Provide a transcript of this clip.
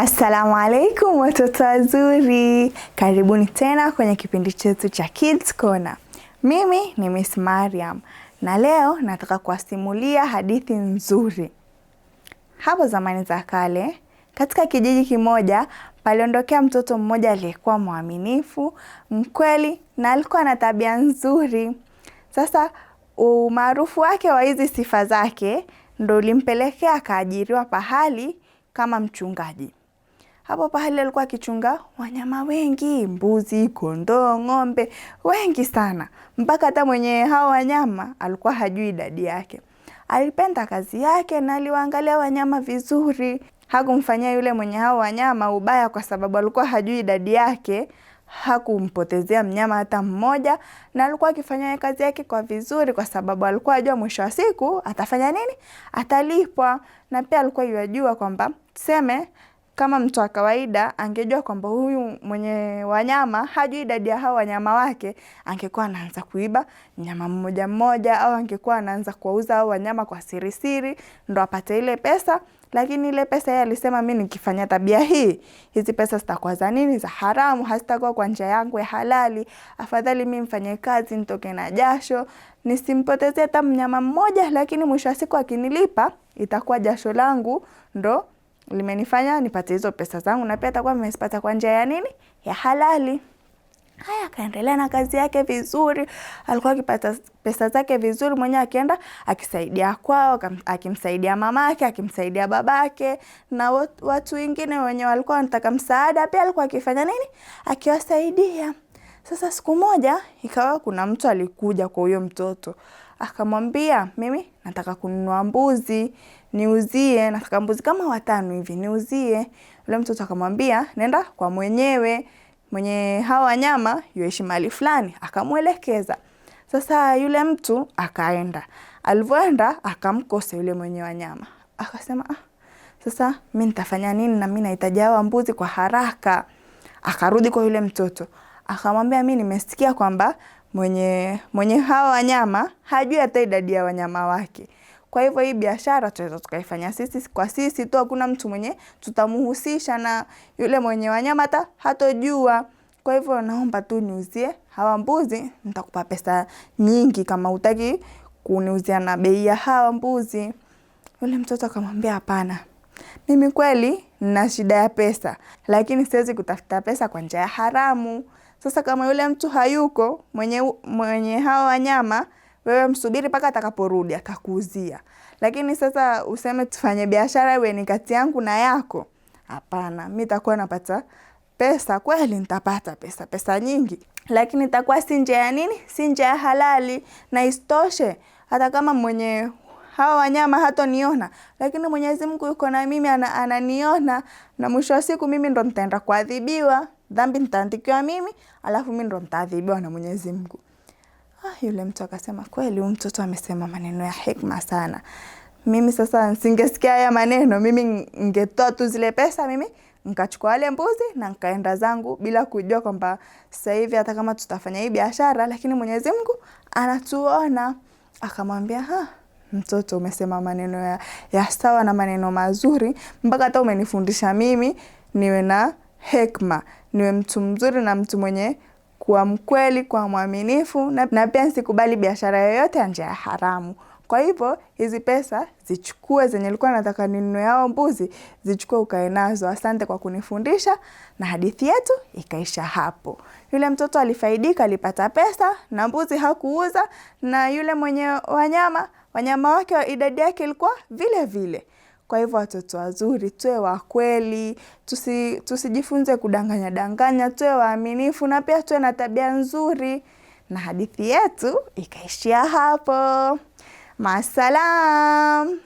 Assalamu alaikum watoto wazuri, karibuni tena kwenye kipindi chetu cha Kids Corner. Mimi ni Miss Mariam na leo nataka kuwasimulia hadithi nzuri. Hapo zamani za kale, katika kijiji kimoja paliondokea mtoto mmoja aliyekuwa mwaminifu, mkweli na alikuwa na tabia nzuri. Sasa umaarufu wake wa hizi sifa zake ndo ulimpelekea akaajiriwa pahali kama mchungaji. Hapo pahali alikuwa akichunga wanyama wengi, mbuzi, kondoo, ng'ombe wengi sana, mpaka hata mwenye hao wanyama alikuwa hajui idadi yake. Alipenda kazi yake na aliwaangalia wanyama vizuri. Hakumfanyia yule mwenye hao wanyama ubaya, kwa sababu alikuwa hajui idadi yake. Hakumpotezea mnyama hata mmoja, na alikuwa akifanya kazi yake kwa vizuri, kwa sababu alikuwa ajua mwisho wa siku atafanya nini, atalipwa. Na pia alikuwa yajua kwamba tuseme kama mtu wa kawaida angejua kwamba huyu mwenye wanyama hajui idadi ya hao wanyama wake, angekuwa anaanza kuiba nyama mmoja mmoja, au angekuwa anaanza kuwauza hao wanyama kwa siri siri, ndo apate ile pesa. Lakini ile pesa yeye alisema, mi nikifanya tabia hii, hizi pesa zitakuwa za nini? Za haramu, hazitakuwa kwa njia yangu ya halali. Afadhali mi mfanye kazi, nitoke na jasho, nisimpotezee hata mnyama mmoja, lakini mwisho wa siku akinilipa itakuwa jasho langu ndo limenifanya nipate hizo pesa zangu, na pia atakuwa amezipata kwa njia ya nini, ya halali. Haya, akaendelea na kazi yake vizuri, alikuwa akipata pesa zake vizuri mwenyewe, akienda akisaidia kwao, akimsaidia mamake, akimsaidia babake na watu wengine wenye walikuwa wanataka msaada, pia alikuwa akifanya nini, akiwasaidia. Sasa siku moja ikawa kuna mtu alikuja kwa huyo mtoto akamwambia, mimi nataka kununua mbuzi niuzie, nataka mbuzi kama watano hivi niuzie. Yule mtoto akamwambia, nenda kwa mwenyewe mwenye hawa wanyama yuishi mahali fulani, akamwelekeza. Sasa yule mtu akaenda, alivyoenda akamkosa yule mwenye wanyama, akasema ah, sasa mi nitafanya nini? Na mi nahitaji hawa mbuzi kwa haraka. Akarudi kwa yule mtoto akamwambia mi nimesikia kwamba mwenye mwenye hawa wanyama hajui hata idadi ya wanyama wake. Kwa hivyo hii biashara tunaweza tukaifanya sisi kwa sisi tu, hakuna mtu mwenye tutamhusisha na yule mwenye wanyama hata hatojua. Kwa hivyo naomba tu niuzie hawa mbuzi, nitakupa pesa nyingi kama utaki kuniuzia na bei ya hawa mbuzi. Yule mtoto akamwambia hapana, mimi kweli nina shida ya pesa, lakini siwezi kutafuta pesa kwa njia ya haramu. Sasa kama yule mtu hayuko mwenye, mwenye hao wanyama, wewe msubiri mpaka atakaporudi akakuuzia. Lakini sasa useme tufanye biashara iwe ni kati yangu na yako, hapana. Mi takuwa napata pesa kweli, nitapata pesa, pesa nyingi, lakini itakuwa si nje ya nini, si nje ya halali. Na isitoshe hata kama mwenye hawa wanyama hatoniona, lakini Mwenyezi Mungu yuko na mimi, ananiona, ana na mwisho wa siku mimi ndo nitaenda kuadhibiwa dhambi nitaandikiwa mimi, alafu mi ndo nitaadhibiwa na Mwenyezi Mungu. Ah, yule mtu akasema kweli, huyu mtoto amesema maneno ya hikma sana. Mimi sasa nsingesikia haya maneno, mimi ngetoa tu zile pesa, mimi nkachukua wale mbuzi na nkaenda zangu bila kujua kwamba sasa hivi hata kama tutafanya hii biashara, lakini Mwenyezi Mungu anatuona. Akamwambia, ha, mtoto umesema maneno ya, ya sawa na maneno mazuri, mpaka hata umenifundisha mimi niwe na hekma, niwe mtu mzuri na mtu mwenye kuwa mkweli, kuwa mwaminifu na, na pia nsikubali biashara yoyote ya njia ya haramu. Kwa hivyo hizi pesa zichukue, zenye likuwa nataka ninunue yao mbuzi, zichukue ukae nazo. Asante kwa kunifundisha, na hadithi yetu ikaisha hapo. Yule mtoto alifaidika, alipata pesa na mbuzi hakuuza, na yule mwenye wanyama wanyama wake idadi yake ilikuwa vile vile. Kwa hivyo watoto wazuri, tuwe wa kweli, tusi, tusijifunze kudanganya danganya, tuwe waaminifu na pia tuwe na tabia nzuri. Na hadithi yetu ikaishia hapo. Masalam.